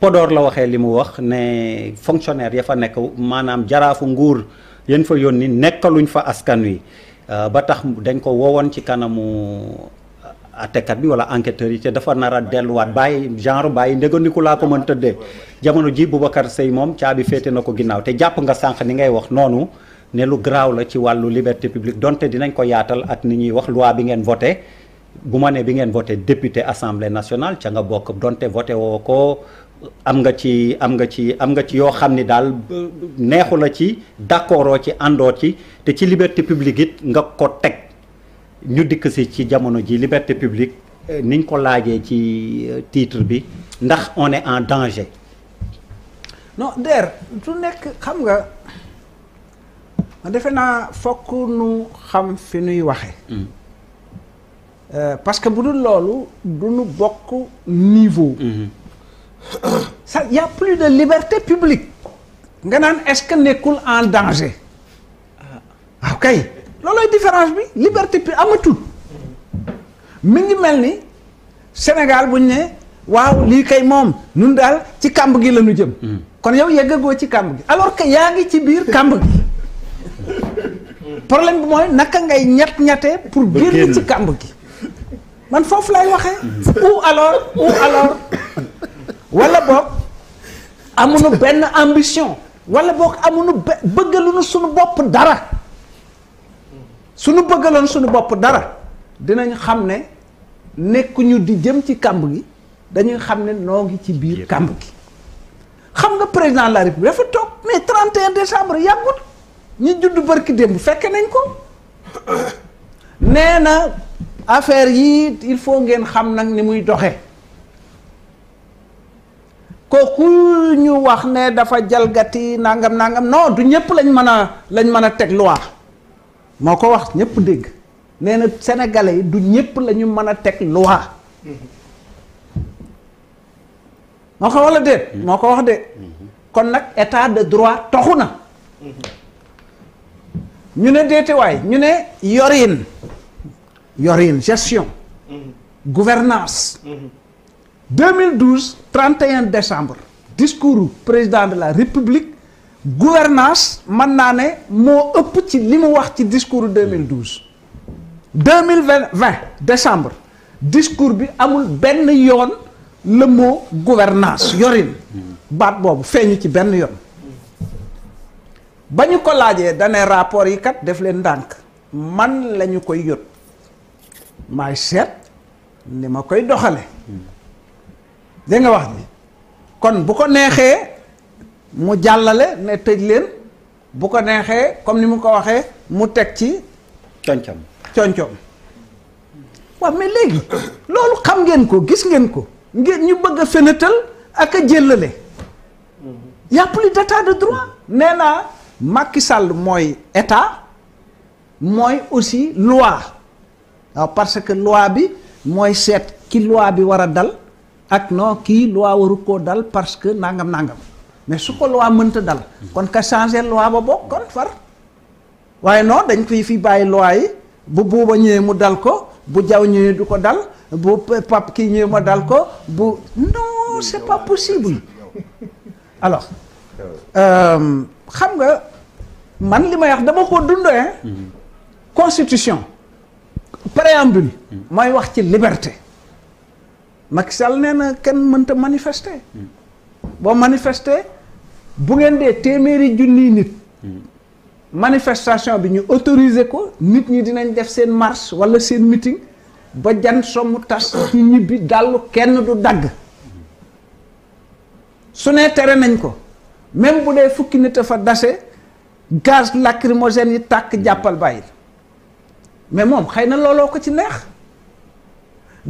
Podor la waxee li mu wax ne fonctionnaire ya fa nekk maanaam jaraafu nguur yéen fa yónni nekkaluñ fa askan wi euh, ba tax dañ ko woowoon ci kanamu àttekat bi wala enquêteurs yi te dafa nar a delluwaat bàyyi genre bàyyi ndégandiku laa ko mën tëddee jamono ji Boubacar Seye moom caabi féete na ko ginnaaw te jàpp nga sànq ni ngay wax noonu ne lu graaw la ci wàllu liberté publique donte dinañ ko yaatal ak ni ñuy wax loi bi ngeen voté bu ma ne bi ngeen voté député assemblée nationale ca nga bokk donte voté woo ko am nga ci am nga ci am nga ci yoo xam ni daal neexu la ci d'accord ci àndoo ci te ci liberté publique it nga ko teg ñu dikk si ci jamono ji liberté publique eh, niñ ko laajee ci eh, titre bi ndax on en danger. non der du nekk xam nga ma defe naa fokk nu xam fi nuy waxe hmm. eh, parce que bu dul loolu du nu bokk niveau. Hmm. sa y a plus de liberté publique nga naan est nekkul en danger waaw ah. ah, kay loolooy différence bi liberté bi amatul mi ngi mel ni Sénégal buñ ne waaw lii kay moom nun daal ci kàmb gi la jëm hmm. kon yow yeggagoo ci kàmb gi alors que yaa ngi ci biir kàmb gi problème bi mooy naka ngay ñett-ñette pour génn ci kàmb gi man foofu lay waxee hmm. ou alors ou alors wala boog amuñu benn ambition wala boog amuñu be bëggaluñu suñu bopp dara suñu bëggaloon suñu bopp dara dinañ xam ne nekkuñu di jëm ci kàmb gi dañuy xam ne noo ngi ci biir kàmb gi xam nga président de la république dafa toog mais 31 décembre yàggut ñi judd barki démb fekke nañ ko nee na affaire yi il faut ngeen xam nag ni muy doxee kooku ñu wax ne dafa jalgati nangam nangam non du ñëpp lañ mën a lañ mën a teg loi moo ko wax ñépp dégg nee na sénégalais yi du ñëpp la ñu mën a teg loi moo ko wala déet moo ko wax de kon nag état de droit toxu na ñu ne déetewaay ñu ne yorin yorin gestion mhm. gouvernance mhm. 2012 31 décembre discours président de la république gouvernance man naa ne moo ëpp ci li mu wax ci discours 2012 2020 décembre discours bi amul benn yoon le mot gouvernance yorin baat boobu feeñu ci benn yoon ba ñu ko laajee dane rapport yi kat def leen ndànk man la koy yot maay seet ni ma koy doxale dégg nga wax bi kon bu ko neexee mu jàllale ne tëj leen bu ko neexee comme ni mu ko waxee mu teg ci concom concom waaw mais léegi loolu xam ngeen ko gis ngeen ko ngeen ñu bëgg a fenetal ak a jëllale mm-hmm. y a plus droit nee naa Macky Sall mooy état mooy aussi loi waaw parce que loi bi mooy seet ki loi bi war a dal ak non kii loi waru koo dal parce que nangam nangam mais su ko loi mënta dal kon ka changer loi ba bokk kon far waaye non dañ koy fi bàyyi loi yi bu buuba ñëwee mu dal ko bu jaw ñëwee du ko dal bu pap kii ñëwee mu dal ko bu non c'est pas possible alors euh, xam nga man li may wax dama ko dundee mm-hmm. constitution préambule mm-hmm. mooy wax ci liberté Macky Sall nee na kenn mënta manifester boo manifester bu ngeen dee téeméeri junni nit manifestation bi ñu autoriser ko nit ñi dinañ def seen marche wala seen meeting ba jan somu tas ci ñibbi dàllu kenn du dagg su ne tere nañ ko même bu dee fukki nit a fa dase gaz lacrymogène yi tàkk jàppal bàyyi mais moom xëy na looloo ko ci neex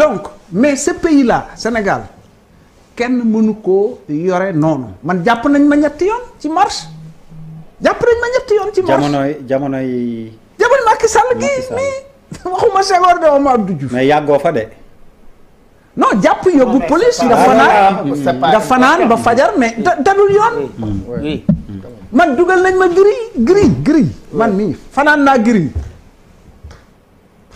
donc mais ce pays là Sénégal kenn mënu ko yore noonu man jàpp nañ ma ñetti yoon ci marche jàpp nañ ma ñetti yoon ci marche jamonoy jamonoy. jamono Macky Sall gi nii waxuma Senghor de waxuma Abdou Diouf. mais yàggoo fa de. non jàpp yóbbu police nga fanaan nga fanaan ba fajar mais da dadul yoon. man dugal nañ ma gris gris gris man mii fanaan naa gris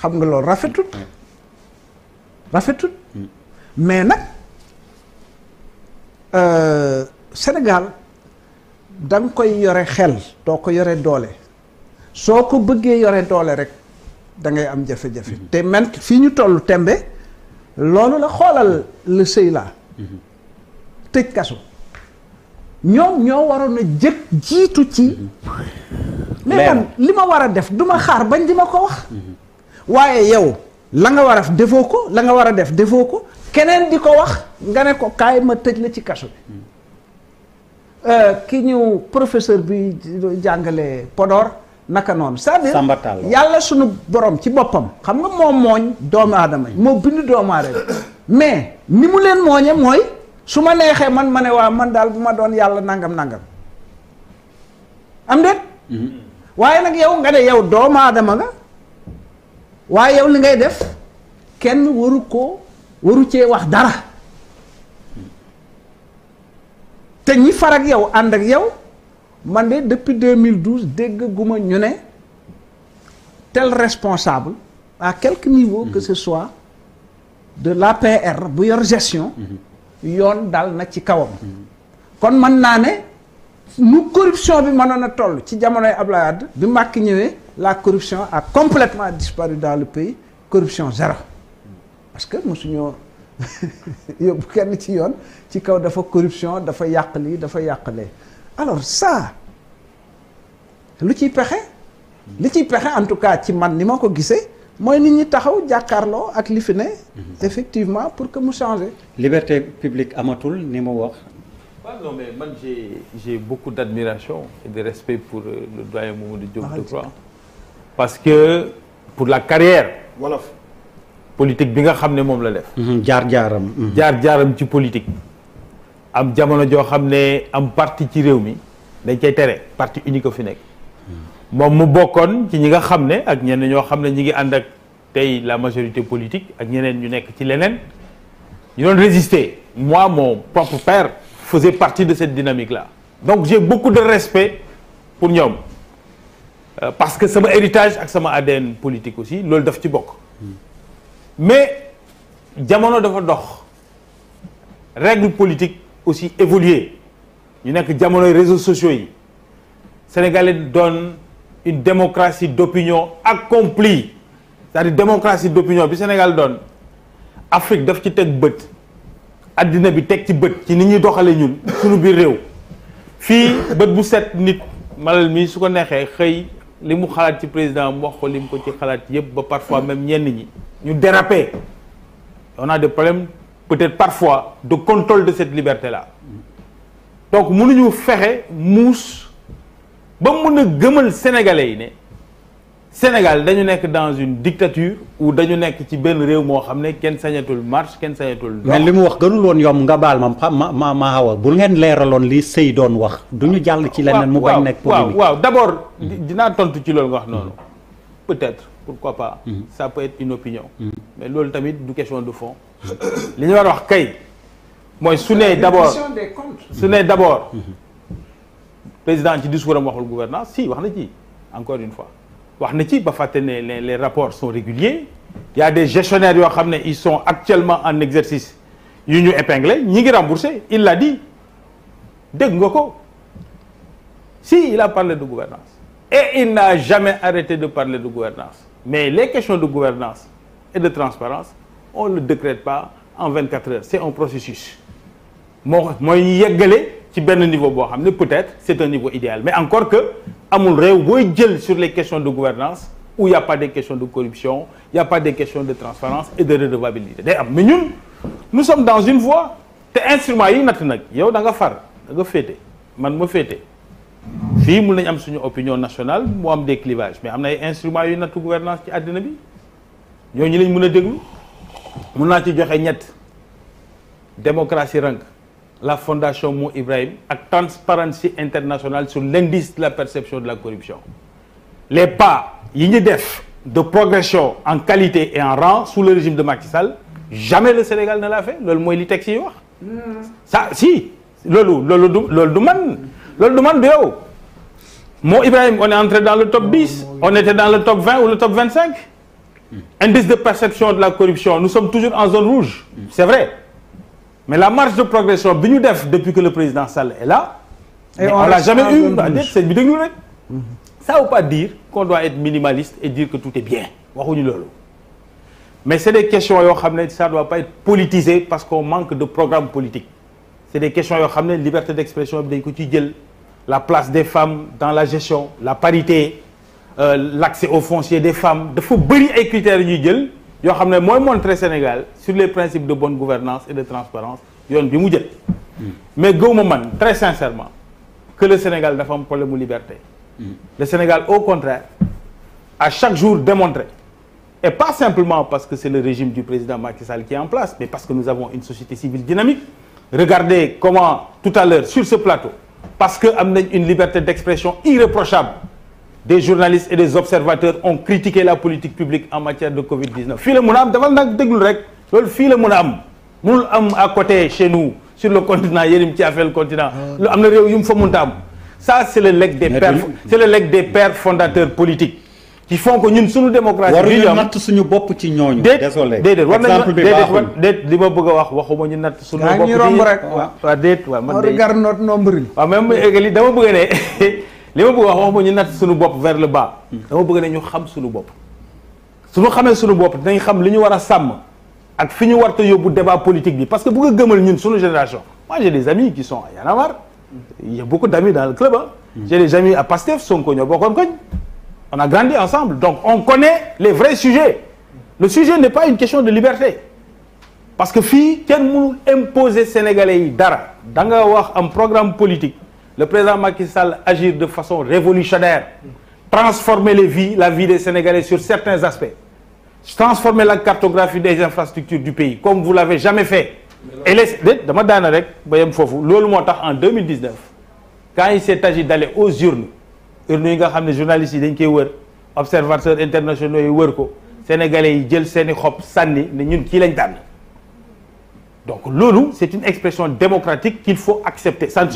xam nga loolu rafetul. rafetul mais nag euh, Sénégal da nga koy yore xel too ko yore doole soo ko bëggee yore doole rek da ngay am jafe-jafe mm-hmm. te man fii ñu toll tembe loolu la xoolal le sëy mm-hmm. tëj kaso ñoom ñoo waroon a jëkk jiitu ci mm-hmm. mais man li ma war a def duma xaar bañ di ma ko wax waaye yow la nga war a defoo ko la nga war a def defoo ko keneen di ko wax nga ne ko kaay ma tëj la ci kaso bi hmm. euh, ki ñu professeur bi jàngale Podor naka noonu cest à yàlla sunu borom ci boppam xam nga moom mooñ doomu aadama yi moo bindu doomu aadama mais ni mu leen mooñe mooy su ma neexee man ma ne waa man daal bu ma doon yàlla nangam nangam am déet hmm. waaye nag yow nga ne yow doomu aadama nga waaye yow li ngay def kenn waru ko waru cee wax dara te ñi far ak yow ànd ak yow man de depuis 2012 dégg ma ñu ne tel responsable à quelque niveau que mm-hmm. ce soit de la l'APR bu yor gestion mm-hmm. yoon dal na ci kawam mm-hmm. kon mën naa ne nu corruption bi mënoon a toll ci jamonoy Abdoulaye Wade bi Macky ñëwee la corruption a complètement disparu dans le pays corruption zéro parce que mosuñoo yóbbu kenn ci yoon ci kaw dafa corruption dafa yàq lii dafa yàq lee alors ça lu ciy pexe li ciy pexe en tout cas ci man ni ma ko gisee mooy nit ñi taxaw jàkkaarloo ak li fi ne mhm. effectivement pour que mu changer liberté publique amatul ni mu wax non mais man j'ai j'ai beaucoup d'admiration et de respect pour euh, le doyen Mamadou Diop Decroix parce que pour la carrière. wolof politique bi nga xam ne moom la def. Mhm, jaar jaaram. Mhm. jaar jaaram ci politique. am jamono joo xam ne am parti ci réew mi dañ koy tere parti uni ko fi nekk. Mhm. moom mu bokkoon ci ñi nga xam ne ak ñenn ñoo xam ne ñi ngi ànd ak tey la majorité politique ak ñeneen ñu nekk ci leneen ñu doon résister moi mon propre père faisait partie de cette dynamique là donc j'ai beaucoup de respect pour ñoom. Euh, parce que sama héritage ak sama ADN politique aussi loolu daf ci bokk mais jamono dafa dox règle politique aussi évoluer ñu nekk jamonoy réseaux sociaux yi sénégalais doon une démocratie d'opinion accomplie c'est-à-dire démocratie d'opinion bi Sénégal doon Afrique daf ci teg bët addina bi teg ci bët ci ni ñuy doxale ñun suñu biir réew fii bët bu set nit malal mi su ko neexee xëy li mu xalaat ci président mu wax ko li mu ko ci xalaat yëpp ba parfois même ñenn ñi ñu déraper on a des problèmes peut-être parfois de contrôle de cette liberté la donc mënuñu fexe muus ba mun a gëmal sénégalais yi ne Sénégal dañu nekk dans une dictature ou dañu nekk ci benn réew moo xam ne kenn sañatul marche kenn sañatul. mais li mu wax gënul woon yomb nga baal ma ma ma ma bu ngeen leeraloon li sëy doon wax. du ñu jàll ci leneen mu bañ nekk. waaw waaw d' abord. dinaa tontu ci loolu nga wax noonu. peut être pourquoi pas. Mm-hmm. ça peut être une opinion. Mm-hmm. mais loolu tamit du question de fond. li ñu war a wax kay. mooy su nee d' abord su nee d' abord. Mm-hmm. président ci discours am waxul gouvernance si wax na ci encore une fois. wax na ci ba fàtte les les rapports sont réguliers il des gestionnaires yoo xam ne ils sont actuellement en exercice yu ñu épinglé ñi ngi remboursé il l'a dit dégg nga ko si il a parlé de gouvernance et il n'a jamais arrêté de parler de gouvernance mais les questions de gouvernance et de transparence on ne décrète pas en 24 heures c'est un processus moo mooy yeggale ci benn niveau boo xam ne peut-être c'est un niveau idéal mais encore que amul réew booy jël sur les questions de gouvernance où il y a pas des questions de corruption il y a pas des questions de transparence et de redevabilité day am mais ñun nous sommes dans une voie te instruments yi natt nag yow da nga far da nga féete man ma féete fii mun nañ am suñu opinion nationale mu am des clivages mais am na ay instruments yuy nattu gouvernance ci àddina bi ñooñu lañ mun a déglu mun naa ci joxe ñett démocratie rank la fondation Mo Ibrahim ak Transparency International sur l'indice de la perception de la corruption les pas yi ñu def de progression en qualité et en rang sous le régime de Macky Sall jamais le Sénégal ne l'a fait loolu mooy li texte yi wax ça si loolu loolu du loolu du man loolu du man du yow Mo Ibrahim on est entré dans le top 10 on était dans le top 20 ou le top 25 hmm. indice de perception de la corruption nous sommes toujours en zone rouge hmm. c'est vrai mais la marge de progression ñu def depuis que le président Sall est là. Et mais on l'a jamais eu déet sëñ bi déglu rek. Mhm. ça veut pas dire qu'on doit être minimaliste et dire que tout est bien waxuñu loolu. mais c'est des questions yoo xam ne ça doit pas être politisé parce qu'on manque de programme politique. c'est des questions yoo xam ne liberté d'expression bi dañ ko ciy jël la place des femmes dans la gestion la parité euh, l'accès au foncier des femmes dafa bëri ay critères yu ñuy jël. yoo xam ne mooy montré Sénégal sur les principes de bonne gouvernance et de transparence yoon bi mu jël mais gëwma man très sincèrement que le Sénégal dafa am problème mu liberté le Sénégal au contraire à chaque jour démontré et pas simplement parce que c'est le régime du président Macky Sall qui est en place mais parce que nous avons une société civile dynamique regardez comment tout à l'heure sur ce plateau parce que am nañ une liberté d'expression irréprochable des journalistes et des observateurs ont critiqué la politique publique en matière de Covid-19 fii la mën a am dafal nag déglul rek loolu fii la mën a am mënul am à côté chez nous sur le continent yénim ci affaire le continent ah. lu am na réew yu mu fa mënta am ça c'est le legs des pères c'est fondateurs politiques qui font que ñun suñu démocratie waruñu natt suñu bopp ci ñooñu désolé déedéet war nañu ma bëgg a wax waxuma ñu natt suñu bopp ci waaw li ma bëgg wax wax ma ñu natt suñu bopp vers le bas dama bëgg ne ñu xam suñu bopp suñu xamee suñu bopp dinañ xam li ñu war a sàmm ak fi ñu war a yóbbu débat politique bi parce que bu ko gëmal ñun suñu génération moi j'ai des amis qui sont à Y'en a marre il y a beaucoup d'amis dans le club ah des amis à Pastef Sonko ñoo bokkoon koñ on a grandi ensemble donc on connaît les vrais sujets le sujet n'est pas une question de liberté parce que fii kenn mënul imposer sénégalais yi dara da nga wax am programme politique le président Macky Sall agir de façon révolutionnaire transformer les vies la vie des Sénégalais sur certains aspects transformer la cartographie des infrastructures du pays comme vous l'avez jamais fait et les dama daana rek ba yem foofu loolu moo tax en 2019 quand il s'est agi d'aller aux urnes urnes yi nga xam ne journalistes yi dañ koy wër observateurs internationaux yi wër ko sénégalais yi jël seeni xob sànni ne ñun kii lañ tànn donc loolu c'est une expression démocratique qu'il faut accepter ça ne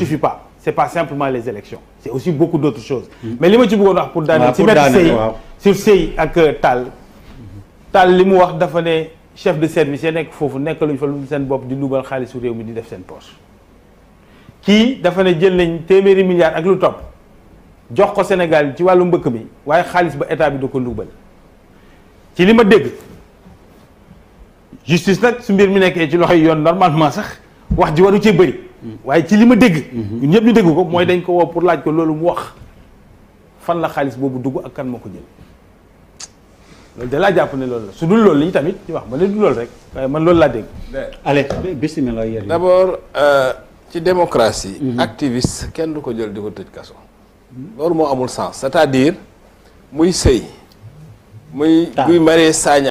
c'est pas simplement les élections c'est aussi beaucoup d'autres choses mm. mais li ma ci bëggoon wax pour daaneel ci mettre sëy sur sëy ak euh, Tall Tall li mu wax dafa ne chef de service yi nekk foofu nekk luñ fa lu seen bopp di dugal xaalisu réew mi di def seen poche kii dafa ne jël nañ téeméeri milliards ak lu topp jox ko Sénégal ci wàllu mbëkk mi waaye xaalis ba état bi da ko luubal ci li ma dégg justice nag su mbir mi nekkee ci loxoy yoon normalement sax wax ji waru cee bëri waaye ci li ma dégg. Mhm. ñun ñëpp ñu dégg ko mooy dañ ko woo pour laaj ko loolu mu wax fan la xaalis boobu dugg ak kan moo ko jël. loolu de laa jàpp ne loolu la su dul loolu li ñu tamit ñu wax ma ne du loolu rek waaye man loolu laa dégg. allez bismillah yéen d'abord euh, ci démocratie. Mhm. activiste kenn du ko jël di ko tëj kaso. loolu moo amul sens c'est-à-dire muy sëy muy buy ah. maree saaña